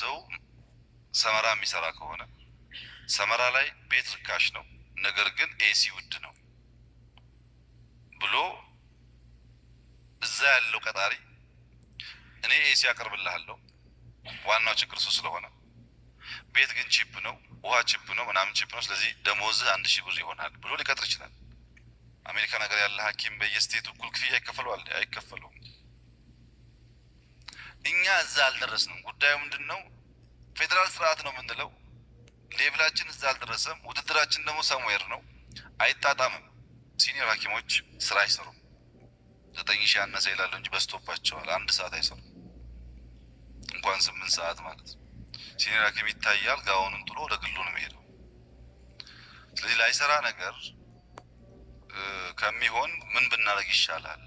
ሰው ሰመራ የሚሰራ ከሆነ ሰመራ ላይ ቤት ርካሽ ነው፣ ነገር ግን ኤሲ ውድ ነው ብሎ እዛ ያለው ቀጣሪ እኔ ኤሲ አቀርብልሃለሁ፣ ዋናው ችግር እሱ ስለሆነ ቤት ግን ቺፕ ነው፣ ውሃ ቺፕ ነው፣ ምናምን ቺፕ ነው፣ ስለዚህ ደሞዝህ አንድ ሺህ ብር ይሆናል ብሎ ሊቀጥር ይችላል። አሜሪካ ነገር ያለ ሐኪም በየስቴቱ እኩል ክፍያ ይከፈለዋል? አይከፈለውም። እኛ እዛ አልደረስንም። ጉዳዩ ምንድን ነው? ፌዴራል ስርዓት ነው የምንለው ሌቭላችን እዛ አልደረሰም። ውድድራችን ደግሞ ሰሙዌር ነው፣ አይጣጣምም። ሲኒየር ሐኪሞች ስራ አይሰሩም። ዘጠኝ ሺህ አነሰ ይላሉ እንጂ በዝቶባቸዋል። አንድ ሰዓት አይሰሩም፣ እንኳን ስምንት ሰዓት ማለት ነው። ሲኒየር ሐኪም ይታያል፣ ጋውኑን ጥሎ ወደ ግሉ ነው የሚሄደው። ስለዚህ ላይሰራ ነገር ከሚሆን ምን ብናደርግ ይሻላል?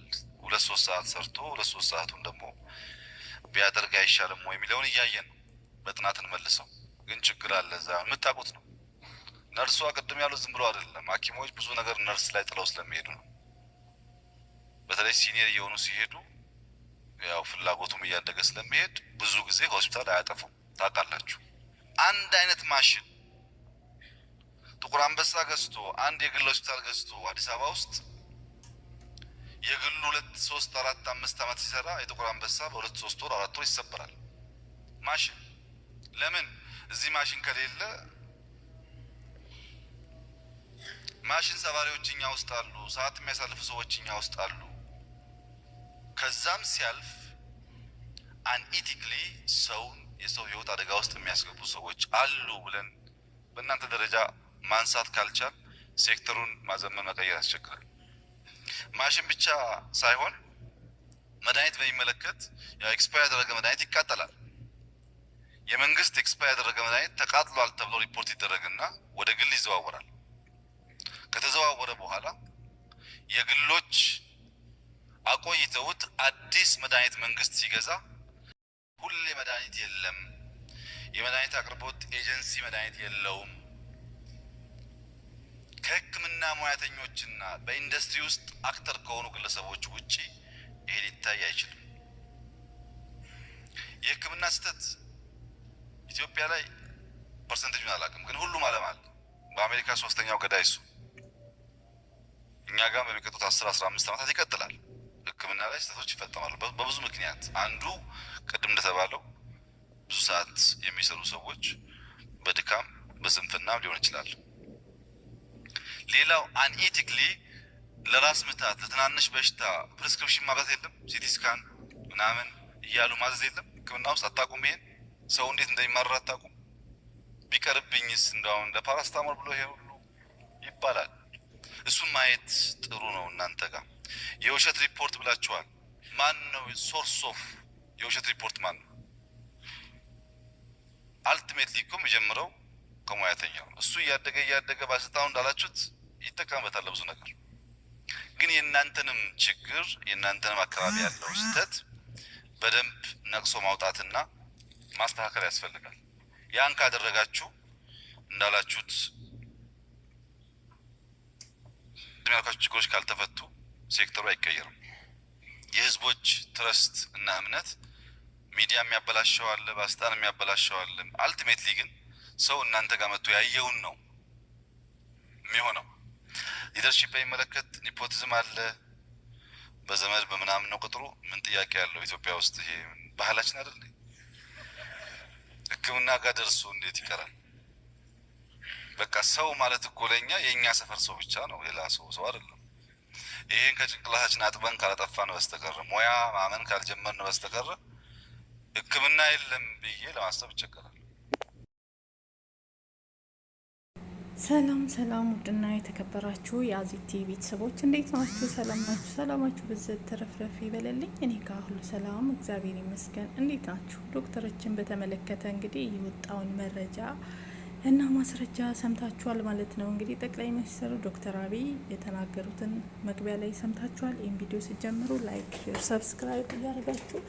ሁለት ሶስት ሰዓት ሰርቶ ሁለት ሶስት ሰዓቱን ደግሞ ቢያደርግ አይሻልም ወይ የሚለውን እያየን ነው። በጥናት እንመልሰው። ግን ችግር አለ እዛ የምታውቁት ነው። ነርሷ ቅድም ያሉት ዝም ብሎ አይደለም። ሐኪሞች ብዙ ነገር ነርስ ላይ ጥለው ስለሚሄዱ ነው። በተለይ ሲኒየር እየሆኑ ሲሄዱ ያው ፍላጎቱም እያደገ ስለሚሄድ ብዙ ጊዜ ሆስፒታል አያጠፉም። ታውቃላችሁ፣ አንድ አይነት ማሽን ጥቁር አንበሳ ገዝቶ አንድ የግል ሆስፒታል ገዝቶ አዲስ አበባ ውስጥ የግሉ ሁለት ሶስት አራት አምስት ዓመት ሲሰራ የጥቁር አንበሳ በሁለት ሶስት ወር አራት ወር ይሰበራል። ማሽን ለምን እዚህ ማሽን ከሌለ ማሽን ሰባሪዎች እኛ ውስጥ አሉ። ሰዓት የሚያሳልፉ ሰዎች እኛ ውስጥ አሉ። ከዛም ሲያልፍ አንኢቲክሊ ሰውን የሰው ህይወት አደጋ ውስጥ የሚያስገቡ ሰዎች አሉ ብለን በእናንተ ደረጃ ማንሳት ካልቻል ሴክተሩን ማዘመን መቀየር ያስቸግራል። ማሽን ብቻ ሳይሆን መድኃኒት በሚመለከት ኤክስፓ ያደረገ መድኃኒት ይቃጠላል። የመንግስት ኤክስፓየር ያደረገ መድኃኒት ተቃጥሏል ተብሎ ሪፖርት ይደረግና ወደ ግል ይዘዋወራል። ከተዘዋወረ በኋላ የግሎች አቆይተውት አዲስ መድኃኒት መንግስት ሲገዛ ሁሌ መድኃኒት የለም። የመድኃኒት አቅርቦት ኤጀንሲ መድኃኒት የለውም ከህክምና ሙያተኞችና በኢንዱስትሪ ውስጥ አክተር ከሆኑ ግለሰቦች ውጪ ይህ ሊታይ አይችልም። የህክምና ስህተት ኢትዮጵያ ላይ ፐርሰንቴጁን አላውቅም፣ ግን ሁሉም ዓለም አለ። በአሜሪካ ሶስተኛው ገዳይ እሱ። እኛ ጋር በሚቀጡት አስር አስራ አምስት ዓመታት ይቀጥላል። ህክምና ላይ ስህተቶች ይፈጠማሉ በብዙ ምክንያት። አንዱ ቅድም እንደተባለው ብዙ ሰዓት የሚሰሩ ሰዎች በድካም በስንፍናም ሊሆን ይችላል። ሌላው አንኢቲክሊ ለራስ ምታት ለትናንሽ በሽታ ፕሪስክሪፕሽን ማብዛት የለም። ሲቲ ስካን ምናምን እያሉ ማዘዝ የለም። ህክምና ውስጥ አታቁም። ይሄን ሰው እንዴት እንደሚማረር አታቁም። ቢቀርብኝስ እንደሁን ለፓራስታሞል ብሎ ይሄ ሁሉ ይባላል። እሱን ማየት ጥሩ ነው። እናንተ ጋር የውሸት ሪፖርት ብላችኋል። ማን ነው ሶርስ ኦፍ የውሸት ሪፖርት? ማን ነው አልቲሜትሊ እኮ የሚጀምረው ከሙያተኛው እሱ እያደገ እያደገ ባስታው እንዳላችሁት ይጠቀምበታል ለብዙ ነገር። ግን የእናንተንም ችግር የእናንተንም አካባቢ ያለው ስህተት በደንብ ነቅሶ ማውጣትና ማስተካከል ያስፈልጋል። ያን ካደረጋችሁ እንዳላችሁት ያልኳችሁ ችግሮች ካልተፈቱ ሴክተሩ አይቀየርም። የህዝቦች ትረስት እና እምነት ሚዲያ የሚያበላሸዋለ፣ ባለስልጣን የሚያበላሸዋለ። አልቲሜትሊ ግን ሰው እናንተ ጋር መጥቶ ያየውን ነው የሚሆነው። ሊደርሺፕ የሚመለከት ኒፖቲዝም አለ፣ በዘመድ በምናምን ነው ቅጥሩ። ምን ጥያቄ ያለው? ኢትዮጵያ ውስጥ ይሄ ባህላችን አይደል? ሕክምና ጋር ደርሶ እንዴት ይቀራል? በቃ ሰው ማለት እኮ የእኛ ሰፈር ሰው ብቻ ነው፣ ሌላ ሰው ሰው አይደለም። ይህን ከጭንቅላታችን አጥበን ካላጠፋን በስተቀረ ሙያ ማመን ካልጀመርን በስተቀረ ሕክምና የለም ብዬ ለማሰብ ይቸገራል። ሰላም ሰላም፣ ውድና የተከበራችሁ ቲቪ ቤተሰቦች እንዴት ናችሁ? ሰላም ናችሁ? ሰላማችሁ ብዝት ተረፍረፍ ይበለልኝ። እኔ ጋር ሰላም እግዚአብሔር ይመስገን። እንዴት ናችሁ? ዶክተሮችን በተመለከተ እንግዲህ የወጣውን መረጃ እና ማስረጃ ሰምታችኋል ማለት ነው። እንግዲህ ጠቅላይ ሚኒስትሩ ዶክተር አብይ የተናገሩትን መግቢያ ላይ ሰምታችኋል። ይህን ቪዲዮ ስጀምሩ ላይክ፣ ሼር፣ ሰብስክራይብ እያደረጋችሁ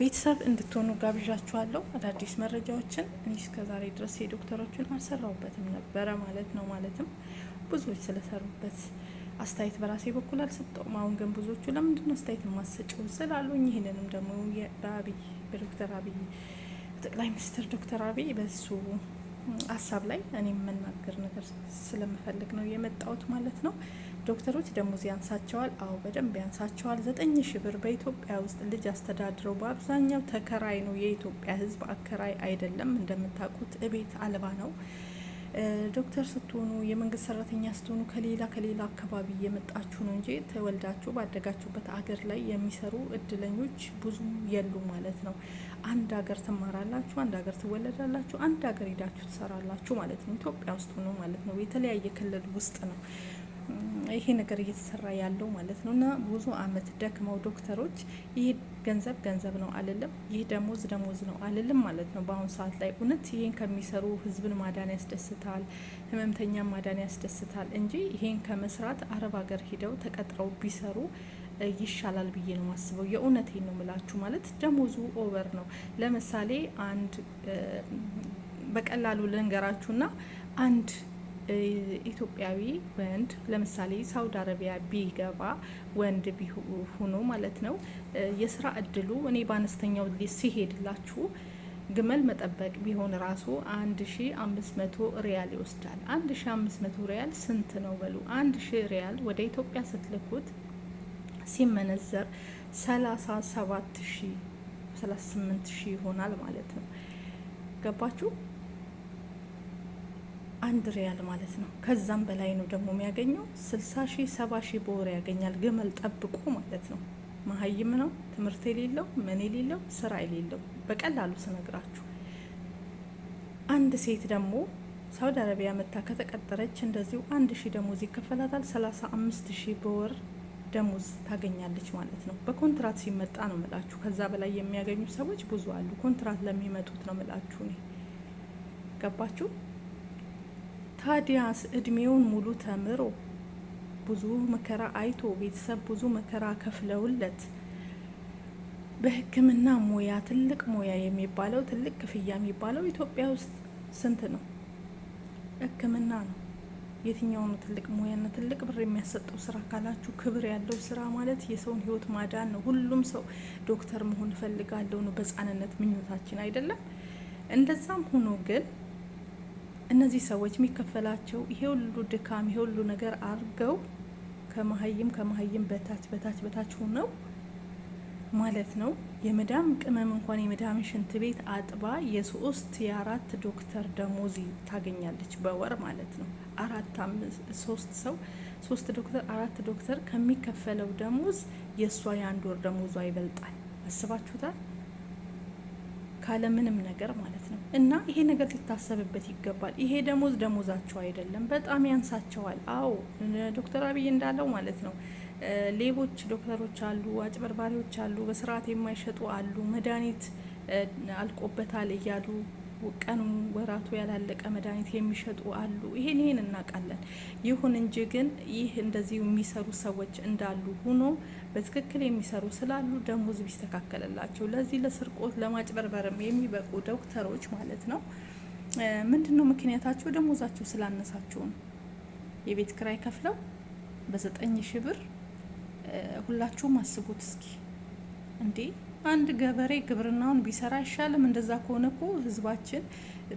ቤተሰብ እንድትሆኑ ጋብዣችኋለሁ። አዳዲስ መረጃዎችን እኔ እስከዛሬ ድረስ የዶክተሮችን አልሰራውበትም ነበረ ማለት ነው። ማለትም ብዙዎች ስለሰሩበት አስተያየት በራሴ በኩል አልሰጠውም። አሁን ግን ብዙዎቹ ለምንድን ነው አስተያየት የማሰጭው ስላሉኝ ይህንንም ደግሞ በአብይ በዶክተር አብይ ጠቅላይ ሚኒስትር ዶክተር አብይ በሱ ሀሳብ ላይ እኔ የምናገር ነገር ስለምፈልግ ነው የመጣሁት ማለት ነው። ዶክተሮች ደሞዝ ያንሳቸዋል። አዎ በደንብ ያንሳቸዋል። ዘጠኝ ሺ ብር በኢትዮጵያ ውስጥ ልጅ አስተዳድረው በአብዛኛው ተከራይ ነው። የኢትዮጵያ ሕዝብ አከራይ አይደለም። እንደምታውቁት እቤት አልባ ነው። ዶክተር ስትሆኑ የመንግስት ሰራተኛ ስትሆኑ ከሌላ ከሌላ አካባቢ የመጣችሁ ነው እንጂ ተወልዳችሁ ባደጋችሁበት አገር ላይ የሚሰሩ እድለኞች ብዙ የሉ ማለት ነው። አንድ ሀገር ትማራላችሁ፣ አንድ ሀገር ትወለዳላችሁ፣ አንድ ሀገር ሄዳችሁ ትሰራላችሁ ማለት ነው። ኢትዮጵያ ውስጥ ነው ማለት ነው። የተለያየ ክልል ውስጥ ነው ይሄ ነገር እየተሰራ ያለው ማለት ነው። እና ብዙ አመት ደክመው ዶክተሮች ይሄ ገንዘብ ገንዘብ ነው አልልም፣ ይህ ደሞዝ ደሞዝ ነው አልልም ማለት ነው። በአሁኑ ሰዓት ላይ እውነት ይሄን ከሚሰሩ ህዝብን ማዳን ያስደስታል፣ ህመምተኛ ማዳን ያስደስታል እንጂ ይሄን ከመስራት አረብ ሀገር ሂደው ተቀጥረው ቢሰሩ ይሻላል ብዬ ነው ማስበው። የእውነቴን ነው ምላችሁ ማለት ደሞዙ ኦቨር ነው። ለምሳሌ አንድ በቀላሉ ልንገራችሁና አንድ ኢትዮጵያዊ ወንድ ለምሳሌ ሳውዲ አረቢያ ቢገባ ወንድ ሆኖ ማለት ነው የስራ እድሉ እኔ በአነስተኛው ሲሄድላችሁ ግመል መጠበቅ ቢሆን ራሱ አንድ ሺ አምስት መቶ ሪያል ይወስዳል። አንድ ሺ አምስት መቶ ሪያል ስንት ነው በሉ? አንድ ሺ ሪያል ወደ ኢትዮጵያ ስትልኩት ሲመነዘር 37 ሺህ ይሆናል ማለት ነው። ገባችሁ? አንድ ሪያል ማለት ነው። ከዛም በላይ ነው ደግሞ የሚያገኘው 60 ሺህ 70 ሺህ በወር ያገኛል። ግመል ጠብቆ ማለት ነው። መሀይም ነው። ትምህርት የሌለው ምን የሌለው ስራ የሌለው በቀላሉ ስነግራችሁ። አንድ ሴት ደግሞ ሳውዲ አረቢያ መታ ከተቀጠረች እንደዚሁ አንድ ሺህ ደሞዝ ይከፈላታል። 35 ሺህ በወር ደሞዝ ታገኛለች ማለት ነው። በኮንትራት ሲመጣ ነው ምላችሁ። ከዛ በላይ የሚያገኙ ሰዎች ብዙ አሉ። ኮንትራት ለሚመጡት ነው ምላችሁ። እኔ ገባችሁ። ታዲያስ እድሜውን ሙሉ ተምሮ ብዙ መከራ አይቶ ቤተሰብ ብዙ መከራ ከፍለውለት በሕክምና ሙያ ትልቅ ሙያ የሚባለው ትልቅ ክፍያ የሚባለው ኢትዮጵያ ውስጥ ስንት ነው? ሕክምና ነው። የትኛው ነው ትልቅ ሙያና ትልቅ ብር የሚያሰጠው ስራ ካላችሁ፣ ክብር ያለው ስራ ማለት የሰውን ህይወት ማዳን ነው። ሁሉም ሰው ዶክተር መሆን እፈልጋለሁ ነው በህጻንነት ምኞታችን አይደለም። እንደዛም ሆኖ ግን እነዚህ ሰዎች የሚከፈላቸው ይሄ ሁሉ ድካም ይሄ ሁሉ ነገር አድርገው ከመሀይም ከመሀይም በታች በታች በታች ሆነው ማለት ነው የመዳም ቅመም እንኳን የመዳም ሽንት ቤት አጥባ የሶስት የአራት ዶክተር ደሞዝ ታገኛለች በወር ማለት ነው። አራት ሶስት ሰው ሶስት ዶክተር አራት ዶክተር ከሚከፈለው ደሞዝ የእሷ የአንድ ወር ደሞዟ ይበልጣል። አስባችሁታል? ካለምንም ነገር ማለት ነው። እና ይሄ ነገር ሊታሰብበት ይገባል። ይሄ ደሞዝ ደሞዛቸው አይደለም፣ በጣም ያንሳቸዋል። አዎ ዶክተር አብይ እንዳለው ማለት ነው ሌቦች ዶክተሮች አሉ፣ አጭበርባሪዎች አሉ፣ በስርዓት የማይሸጡ አሉ፣ መድኃኒት አልቆበታል እያሉ ቀኑ ወራቱ ያላለቀ መድኃኒት የሚሸጡ አሉ። ይሄን ይሄን እናውቃለን። ይሁን እንጂ ግን ይህ እንደዚህ የሚሰሩ ሰዎች እንዳሉ ሆኖ በትክክል የሚሰሩ ስላሉ ደሞዝ ቢስተካከልላቸው ለዚህ ለስርቆት ለማጭበርበርም የሚበቁ ዶክተሮች ማለት ነው። ምንድን ነው ምክንያታቸው? ደሞዛቸው ስላነሳቸው ነው። የቤት ክራይ ከፍለው በዘጠኝ ሺ ብር ሁላችሁም አስቡት እስኪ እንዴ አንድ ገበሬ ግብርናውን ቢሰራ አይሻልም? እንደዛ ከሆነ እኮ ህዝባችን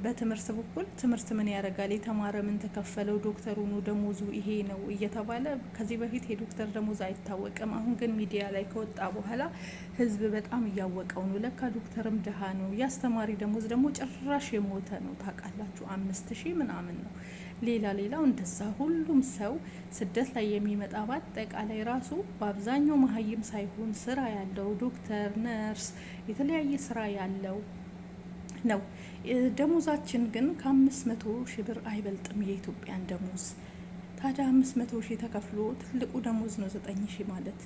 በትምህርት በኩል ትምህርት ምን ያደርጋል? የተማረ ምን ተከፈለው? ዶክተር ሆኖ ደሞዙ ይሄ ነው እየተባለ ከዚህ በፊት የዶክተር ደሞዝ አይታወቅም። አሁን ግን ሚዲያ ላይ ከወጣ በኋላ ህዝብ በጣም እያወቀው ነው። ለካ ዶክተርም ድሃ ነው። የአስተማሪ ደሞዝ ደግሞ ጭራሽ የሞተ ነው። ታውቃላችሁ፣ አምስት ሺህ ምናምን ነው። ሌላ ሌላው እንደዛ ሁሉም ሰው ስደት ላይ የሚመጣ በአጠቃላይ ራሱ በአብዛኛው መሀይም ሳይሆን ስራ ያለው ዶክተር፣ ነርስ፣ የተለያየ ስራ ያለው ነው። ደሞዛችን ግን ከአምስት መቶ ሺህ ብር አይበልጥም የኢትዮጵያን ደሞዝ። ታዲያ አምስት መቶ ሺህ ተከፍሎ ትልቁ ደሞዝ ነው ዘጠኝ ሺህ ማለት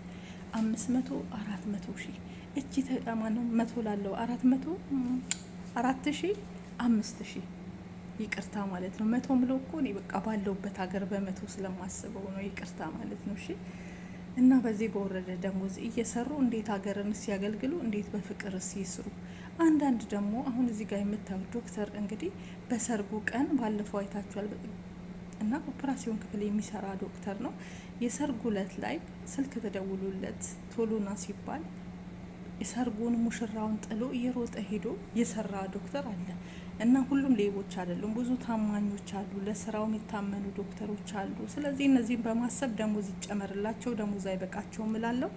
አምስት መቶ አራት መቶ ሺህ እጅ ተቃማ ነው መቶ ላለው አራት መቶ አራት ሺህ አምስት ሺህ ይቅርታ ማለት ነው። መቶ ብሎ እኮ እኔ በቃ ባለውበት ሀገር በመቶ ስለማስበው ነው ይቅርታ ማለት ነው። እሺ እና በዚህ በወረደ ደሞዝ እየሰሩ እንዴት ሀገርን ሲያገልግሉ እንዴት በፍቅር ሲስሩ። አንዳንድ ደግሞ አሁን እዚህ ጋር የምታዩት ዶክተር እንግዲህ በሰርጉ ቀን ባለፈው አይታችኋል እና ኦፕራሲዮን ክፍል የሚሰራ ዶክተር ነው። የሰርጉ ዕለት ላይ ስልክ ተደውሎለት ቶሎና ሲባል የሰርጉን ሙሽራውን ጥሎ እየሮጠ ሄዶ የሰራ ዶክተር አለ። እና ሁሉም ሌቦች አይደሉም። ብዙ ታማኞች አሉ፣ ለስራው የሚታመኑ ዶክተሮች አሉ። ስለዚህ እነዚህን በማሰብ ደሞዝ ይጨመርላቸው፣ ደሞዝ አይበቃቸውም እላለሁ።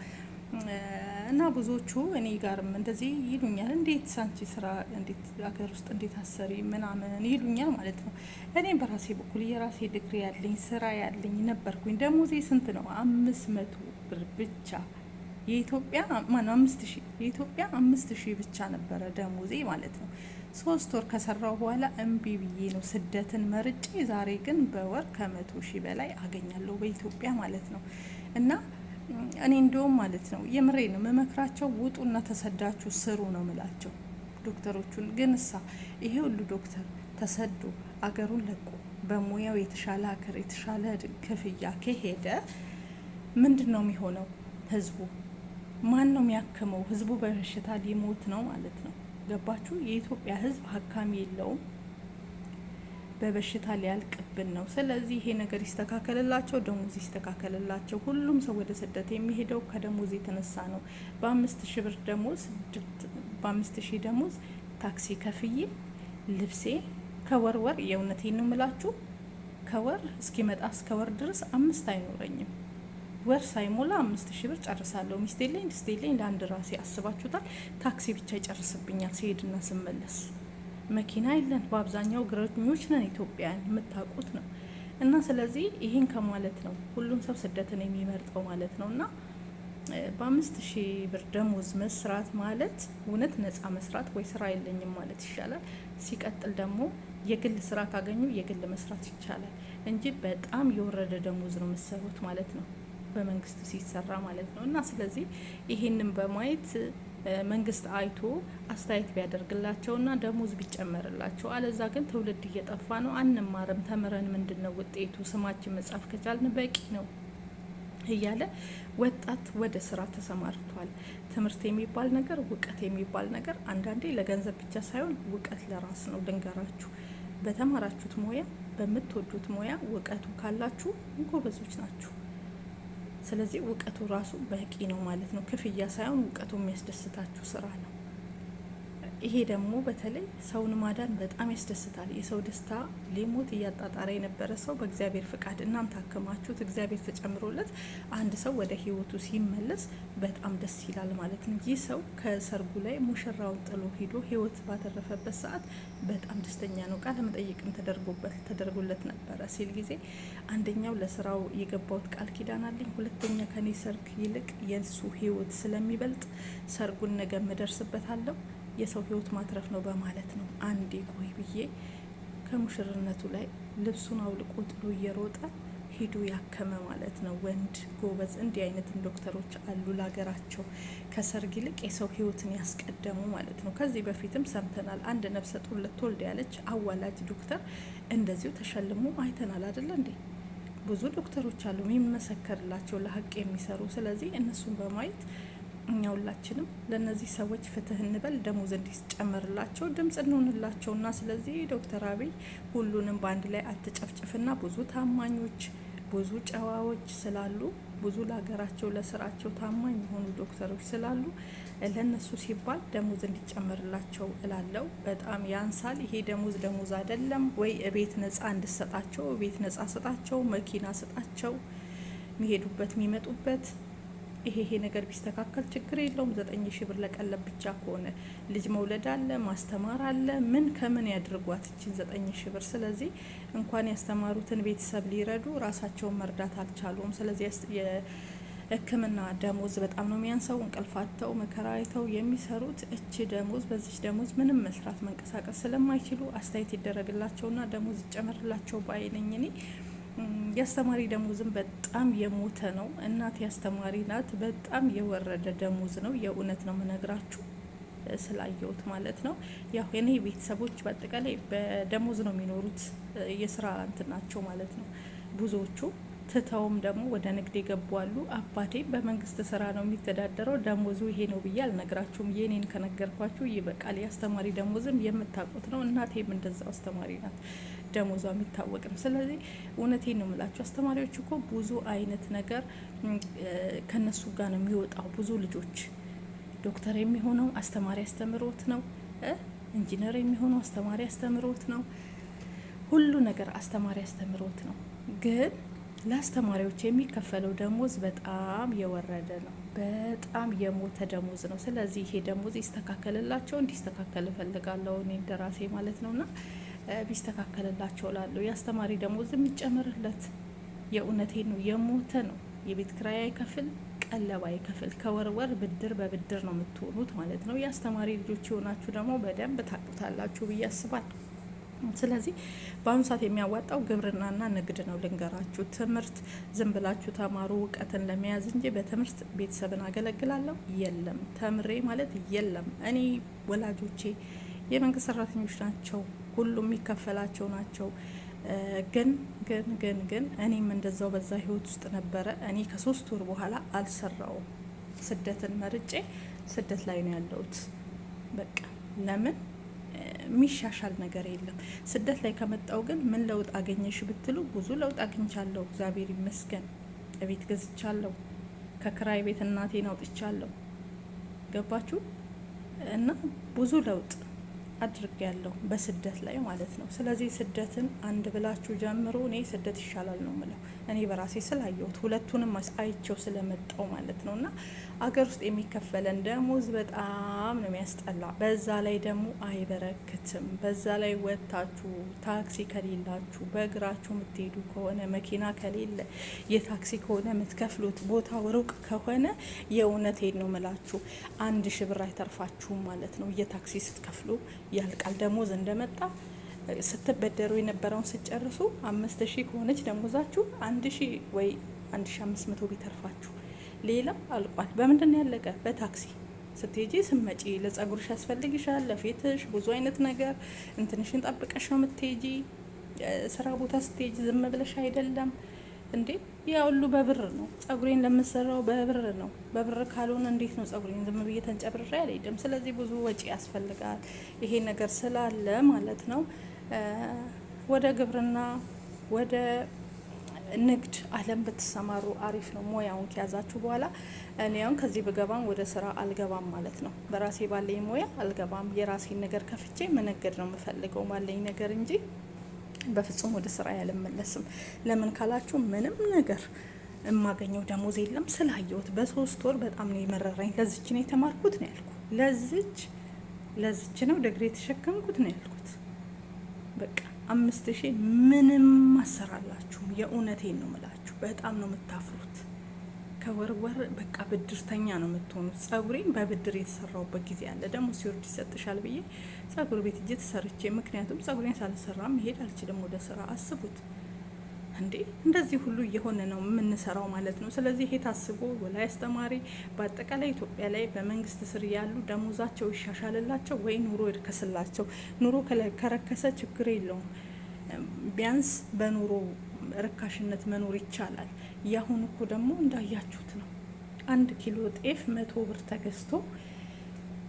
እና ብዙዎቹ እኔ ጋርም እንደዚህ ይሉኛል። እንዴት ሳንቺ ስራ እንዴት ሀገር ውስጥ እንዴት አሰሪ ምናምን ይሉኛል ማለት ነው። እኔም በራሴ በኩል የራሴ ድግሪ ያለኝ ስራ ያለኝ ነበርኩኝ። ደሞዜ ስንት ነው? አምስት መቶ ብር ብቻ የኢትዮጵያ ማነው? አምስት ሺህ የኢትዮጵያ አምስት ሺህ ብቻ ነበረ ደሞዜ ማለት ነው። ሶስት ወር ከሰራው በኋላ እምቢ ብዬ ነው ስደትን መርጬ። ዛሬ ግን በወር ከመቶ ሺህ በላይ አገኛለሁ በኢትዮጵያ ማለት ነው እና እኔ እንደውም ማለት ነው የምሬ ነው መመክራቸው ውጡና ተሰዳችሁ ስሩ ነው ምላቸው ዶክተሮቹን። ግን እሳ ይሄ ሁሉ ዶክተር ተሰዶ አገሩን ለቆ በሙያው የተሻለ ሀገር የተሻለ ክፍያ ከሄደ ምንድን ነው የሚሆነው? ህዝቡ ማን ነው የሚያክመው? ህዝቡ በበሽታ ሊሞት ነው ማለት ነው። ገባችሁ? የኢትዮጵያ ህዝብ ሀካሚ የለውም። በበሽታ ሊያልቅብን ነው። ስለዚህ ይሄ ነገር ይስተካከልላቸው፣ ደሞዝ ይስተካከልላቸው። ሁሉም ሰው ወደ ስደት የሚሄደው ከደሞዝ የተነሳ ነው። በአምስት ሺ ብር ደሞዝ በአምስት ሺ ደሞዝ ታክሲ ከፍዬ ልብሴ ከወር ወር የእውነቴን ነው የምላችሁ ከወር እስኪመጣ እስከ ወር ድረስ አምስት አይኖረኝም። ወር ሳይሞላ አምስት ሺ ብር ጨርሳለሁ። ሚስቴለኝ ድስቴለኝ ለአንድ ራሴ አስባችሁታል። ታክሲ ብቻ ይጨርስብኛል ስሄድና ስመለስ። መኪና የለን። በአብዛኛው እግረኞች ነን ኢትዮጵያን፣ የምታውቁት ነው። እና ስለዚህ ይህን ከማለት ነው ሁሉም ሰው ስደትን የሚመርጠው ማለት ነው እና በአምስት ሺህ ብር ደሞዝ መስራት ማለት እውነት ነፃ መስራት ወይ ስራ የለኝም ማለት ይሻላል። ሲቀጥል ደግሞ የግል ስራ ካገኙ የግል መስራት ይቻላል እንጂ በጣም የወረደ ደሞዝ ነው የምትሰሩት ማለት ነው። በመንግስት ሲሰራ ማለት ነው። እና ስለዚህ ይሄንን በማየት መንግስት አይቶ አስተያየት እና ደሞዝ ቢጨመርላቸው፣ አለዛ ግን ትውልድ እየጠፋ ነው። አንማርም፣ ተምረን ምንድን ነው ውጤቱ? ስማችን መጻፍ ከቻልን በቂ ነው እያለ ወጣት ወደ ስራ ተሰማርቷል። ትምህርት የሚባል ነገር እውቀት የሚባል ነገር አንዳንዴ ለገንዘብ ብቻ ሳይሆን እውቀት ለራስ ነው። ልንገራችሁ፣ በተማራችሁት ሙያ፣ በምትወዱት ሙያ እውቀቱ ካላችሁ ጎበዞች ናችሁ። ስለዚህ እውቀቱ ራሱ በቂ ነው ማለት ነው። ክፍያ ሳይሆን እውቀቱ የሚያስደስታችሁ ስራ ነው። ይሄ ደግሞ በተለይ ሰውን ማዳን በጣም ያስደስታል። የሰው ደስታ ሊሞት እያጣጣረ የነበረ ሰው በእግዚአብሔር ፍቃድ እናንተ ታከማችሁት እግዚአብሔር ተጨምሮለት አንድ ሰው ወደ ህይወቱ ሲመለስ በጣም ደስ ይላል ማለት ነው። ይህ ሰው ከሰርጉ ላይ ሙሽራውን ጥሎ ሂዶ ህይወት ባተረፈበት ሰዓት በጣም ደስተኛ ነው። ቃለ መጠይቅም ተደርጎለት ነበረ ሲል ጊዜ አንደኛው ለስራው የገባውት ቃል ኪዳን አለኝ፣ ሁለተኛ ከኔ ሰርግ ይልቅ የእሱ ህይወት ስለሚበልጥ ሰርጉን ነገ እደርስበታለሁ የሰው ህይወት ማትረፍ ነው በማለት ነው አንዴ ቆይ ብዬ ከሙሽርነቱ ላይ ልብሱን አውልቆ ጥሎ እየሮጠ ሂዱ ያከመ ማለት ነው። ወንድ ጎበዝ፣ እንዲህ አይነትም ዶክተሮች አሉ ለሀገራቸው። ከሰርግ ይልቅ የሰው ህይወትን ያስቀደሙ ማለት ነው። ከዚህ በፊትም ሰምተናል። አንድ ነፍሰ ጡር ልትወልድ ያለች አዋላጅ ዶክተር እንደዚሁ ተሸልሞ አይተናል አደለ እንዴ? ብዙ ዶክተሮች አሉ የሚመሰከርላቸው ለሀቅ የሚሰሩ። ስለዚህ እነሱን በማየት እኛ ሁላችንም ለእነዚህ ሰዎች ፍትህ እንበል፣ ደሞዝ እንዲጨመርላቸው ድምጽ እንሆንላቸው እና ስለዚህ ዶክተር አብይ ሁሉንም በአንድ ላይ አትጨፍጭፍና ብዙ ታማኞች ብዙ ጨዋዎች ስላሉ ብዙ ለሀገራቸው ለስራቸው ታማኝ የሆኑ ዶክተሮች ስላሉ ለእነሱ ሲባል ደሞዝ እንዲጨመርላቸው እላለው። በጣም ያንሳል። ይሄ ደሞዝ ደሞዝ አይደለም ወይ? እቤት ነጻ እንድሰጣቸው፣ እቤት ነጻ ስጣቸው፣ መኪና ስጣቸው፣ የሚሄዱበት የሚመጡበት ይሄ ይሄ ነገር ቢስተካከል ችግር የለውም። ዘጠኝ ሺ ብር ለቀለብ ብቻ ከሆነ ልጅ መውለድ አለ፣ ማስተማር አለ። ምን ከምን ያድርጓት እችን ዘጠኝ ሺ ብር። ስለዚህ እንኳን ያስተማሩትን ቤተሰብ ሊረዱ ራሳቸውን መርዳት አልቻሉም። ስለዚህ ሕክምና ደሞዝ በጣም ነው የሚያንሰው። እንቅልፍ አጥተው መከራ አይተው የሚሰሩት እች ደሞዝ በዚች ደሞዝ ምንም መስራት መንቀሳቀስ ስለማይችሉ አስተያየት ይደረግላቸውና ደሞዝ ይጨመርላቸው በአይነኝ እኔ የአስተማሪ ደሞዝም በጣም የሞተ ነው። እናት የአስተማሪ ናት። በጣም የወረደ ደሞዝ ነው። የእውነት ነው ምነግራችሁ ስላየሁት ማለት ነው። ያው የኔ ቤተሰቦች በአጠቃላይ በደሞዝ ነው የሚኖሩት። የስራ እንትን ናቸው ማለት ነው ብዙዎቹ ትተውም ደግሞ ወደ ንግድ የገቡ አሉ። አባቴ በመንግስት ስራ ነው የሚተዳደረው። ደሞዙ ይሄ ነው ብዬ አልነግራችሁም። የኔን ከነገርኳችሁ ይበቃል። የአስተማሪ ደሞዝም የምታውቁት ነው። እናቴም እንደዛው አስተማሪ ናት። ደሞዟ የሚታወቅም። ስለዚህ እውነት ነው የምላችሁ አስተማሪዎች እኮ ብዙ አይነት ነገር ከነሱ ጋር ነው የሚወጣው። ብዙ ልጆች ዶክተር የሚሆነው አስተማሪ አስተምሮት ነው። ኢንጂነር የሚሆነው አስተማሪ አስተምሮት ነው። ሁሉ ነገር አስተማሪ አስተምሮት ነው። ግን ለአስተማሪዎች የሚከፈለው ደሞዝ በጣም የወረደ ነው። በጣም የሞተ ደሞዝ ነው። ስለዚህ ይሄ ደሞዝ ይስተካከልላቸው፣ እንዲስተካከል እፈልጋለሁ እኔ እንደራሴ ማለት ነውና ቢስተካከልላቸው ላለሁ የአስተማሪ ደሞዝ የሚጨምርለት የእውነቴ ነው። የሞተ ነው። የቤት ክራይ አይከፍል፣ ቀለብ አይከፍል። ከወርወር ብድር በብድር ነው የምትሆኑት ማለት ነው። የአስተማሪ ልጆች የሆናችሁ ደግሞ በደንብ ታቁታላችሁ ብዬ አስባል ስለዚህ በአሁኑ ሰዓት የሚያዋጣው ግብርናና ንግድ ነው። ልንገራችሁ፣ ትምህርት ዝም ብላችሁ ተማሩ እውቀትን ለመያዝ እንጂ በትምህርት ቤተሰብን አገለግላለሁ የለም። ተምሬ ማለት የለም። እኔ ወላጆቼ የመንግስት ሰራተኞች ናቸው። ሁሉም የሚከፈላቸው ናቸው። ግን ግን ግን ግን እኔም እንደዛው በዛ ህይወት ውስጥ ነበረ። እኔ ከሶስት ወር በኋላ አልሰራውም። ስደትን መርጬ ስደት ላይ ነው ያለሁት። በቃ ለምን የሚሻሻል ነገር የለም። ስደት ላይ ከመጣው ግን ምን ለውጥ አገኘሽ ብትሉ ብዙ ለውጥ አግኝቻለሁ። እግዚአብሔር ይመስገን። ቤት ገዝቻለሁ። ከክራይ ቤት እናቴን አውጥቻለሁ። ገባችሁ እና ብዙ ለውጥ አድርግ ያለው በስደት ላይ ማለት ነው። ስለዚህ ስደትን አንድ ብላችሁ ጀምሩ። እኔ ስደት ይሻላል ነው ምለው። እኔ በራሴ ስላየሁት ሁለቱንም አይቸው ስለመጣው ማለት ነው። እና አገር ውስጥ የሚከፈለን ደሞዝ በጣም ነው የሚያስጠላ። በዛ ላይ ደግሞ አይበረክትም። በዛ ላይ ወጥታችሁ ታክሲ ከሌላችሁ፣ በእግራችሁ የምትሄዱ ከሆነ መኪና ከሌለ የታክሲ ከሆነ የምትከፍሉት ቦታ ሩቅ ከሆነ የእውነት ሄድ ነው ምላችሁ አንድ ሺ ብር አይተርፋችሁም ማለት ነው። የታክሲ ስትከፍሉ ያልቃል ደሞዝ እንደመጣ ስትበደሩ የነበረውን ስጨርሱ አምስት ሺህ ከሆነች ደሞዛችሁ አንድ ሺህ ወይ አንድ ሺህ አምስት መቶ ቢተርፋችሁ ሌላ አልቋል። በምንድን ያለቀ? በታክሲ ስትሄጂ ስመጪ ለጸጉርሽ ያስፈልግሻል፣ ለፊትሽ ብዙ አይነት ነገር እንትንሽን ጠብቀሽ ነው የምትሄጂ። ስራ ቦታ ስትሄጂ ዝም ብለሽ አይደለም እንዴ። ያ ሁሉ በብር ነው። ጸጉሬን ለምሰራው በብር ነው። በብር ካልሆነ እንዴት ነው ጸጉሬን ዝም ብዬ ተንጨብርሬ አልሄድም። ስለዚህ ብዙ ወጪ ያስፈልጋል። ይሄ ነገር ስላለ ማለት ነው ወደ ግብርና ወደ ንግድ አለም ብትሰማሩ አሪፍ ነው። ሙያውን ከያዛችሁ በኋላ እኔ አሁን ከዚህ ብገባም ወደ ስራ አልገባም ማለት ነው። በራሴ ባለኝ ሙያ አልገባም። የራሴን ነገር ከፍቼ መነገድ ነው የምፈልገው ባለኝ ነገር እንጂ በፍጹም ወደ ስራ ያልመለስም። ለምን ካላችሁ ምንም ነገር የማገኘው ደሞዝ የለም። ስላየሁት በሶስት ወር በጣም ነው የመረረኝ። ለዝች ነው የተማርኩት ነው ያልኩ። ለዝች ለዝች ነው ደግሬ የተሸከምኩት ነው ያልኩት። በቃ አምስት ሺህ ምንም አሰራላችሁም። የእውነቴን ነው ምላችሁ፣ በጣም ነው የምታፍሩት። ከወርወር በቃ ብድርተኛ ነው የምትሆኑት። ጸጉሬን በብድር የተሰራውበት ጊዜ አለ። ደግሞ ሲወርድ ይሰጥሻል ብዬ ጸጉር ቤት እጅ ተሰርቼ፣ ምክንያቱም ጸጉሬን ሳልሰራ መሄድ አልችልም ወደ ስራ አስቡት። እንዴ እንደዚህ ሁሉ እየሆነ ነው የምንሰራው ማለት ነው። ስለዚህ ይሄ ታስቦ ወላይ አስተማሪ በአጠቃላይ ኢትዮጵያ ላይ በመንግስት ስር ያሉ ደሞዛቸው ይሻሻልላቸው ወይ ኑሮ ይርከስላቸው። ኑሮ ከረከሰ ችግር የለውም ቢያንስ በኑሮ ርካሽነት መኖር ይቻላል። ያሁኑ እኮ ደግሞ እንዳያችሁት ነው። አንድ ኪሎ ጤፍ መቶ ብር ተገዝቶ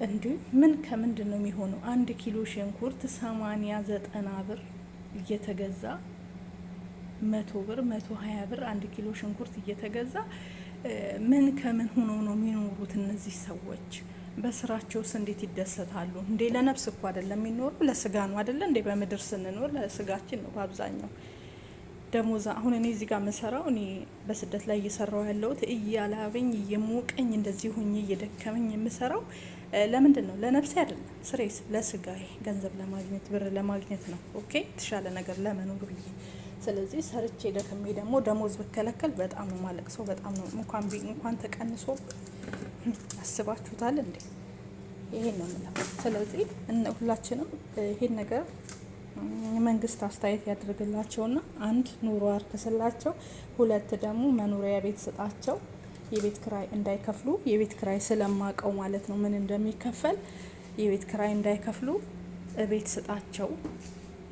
እንዲ ምን ከምንድን ነው የሚሆነው? አንድ ኪሎ ሽንኩርት ሰማንያ ዘጠና ብር እየተገዛ መቶ ብር መቶ ሀያ ብር አንድ ኪሎ ሽንኩርት እየተገዛ ምን ከምን ሆኖ ነው የሚኖሩት እነዚህ ሰዎች? በስራቸውስ እንዴት ይደሰታሉ እንዴ? ለነፍስ እኮ አይደለም የሚኖረው ለስጋ ነው አይደለ እንዴ? በምድር ስንኖር ለስጋችን ነው በአብዛኛው ደሞዛ አሁን እኔ እዚህ ጋር መሰራው እኔ በስደት ላይ እየሰራው ያለሁት እያላበኝ እየሞቀኝ እንደዚህ ሆኜ እየደከመኝ የምሰራው ለምንድን ነው? ለነፍሴ አይደለም፣ ስሬስ ለስጋ ገንዘብ ለማግኘት ብር ለማግኘት ነው። ኦኬ የተሻለ ነገር ለመኖር ብዬ ስለዚህ ሰርቼ ደክሜ ደግሞ ደሞዝ ብከለከል በጣም ነው ማለቅ ሰው በጣም ነው እንኳን እንኳን ተቀንሶ አስባችሁታል እንዴ? ይሄን ነው የምለው። ስለዚህ ሁላችንም ይሄን ነገር መንግስት አስተያየት ያደርግላቸውና አንድ ኑሮ ያርከስላቸው፣ ሁለት ደግሞ መኖሪያ ቤት ስጣቸው። የቤት ክራይ እንዳይከፍሉ የቤት ክራይ ስለማቀው ማለት ነው ምን እንደሚከፈል የቤት ክራይ እንዳይከፍሉ ቤት ስጣቸው።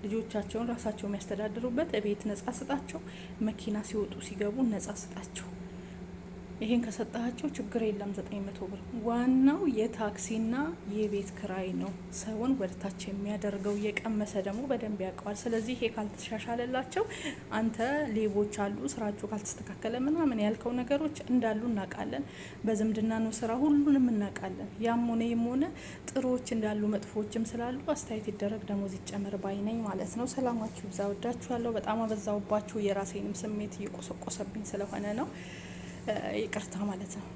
ልጆቻቸውን ራሳቸው የሚያስተዳድሩበት ቤት ነጻ ስጣቸው፣ መኪና ሲወጡ ሲገቡ ነጻ ስጣቸው። ይሄን ከሰጣቸው ችግር የለም። ዘጠኝ መቶ ብር ዋናው የታክሲና የቤት ክራይ ነው። ሰውን ወደታች የሚያደርገው የቀመሰ ደግሞ በደንብ ያውቀዋል። ስለዚህ ይሄ ካልተሻሻለላቸው አንተ ሌቦች አሉ ስራቸው ካልተስተካከለ ምናምን ያልከው ነገሮች እንዳሉ እናውቃለን። በዝምድና ነው ስራ ሁሉንም እናውቃለን። ያም ሆነ ይም ሆነ ጥሩዎች እንዳሉ መጥፎዎችም ስላሉ አስተያየት ይደረግ፣ ደሞዝ ይጨመር ባይነኝ ማለት ነው። ሰላማችሁ ይብዛ። ወዳችኋለሁ። በጣም አበዛውባችሁ። የራሴንም ስሜት እየቆሰቆሰብኝ ስለሆነ ነው። ይቅርታ ማለት ነው።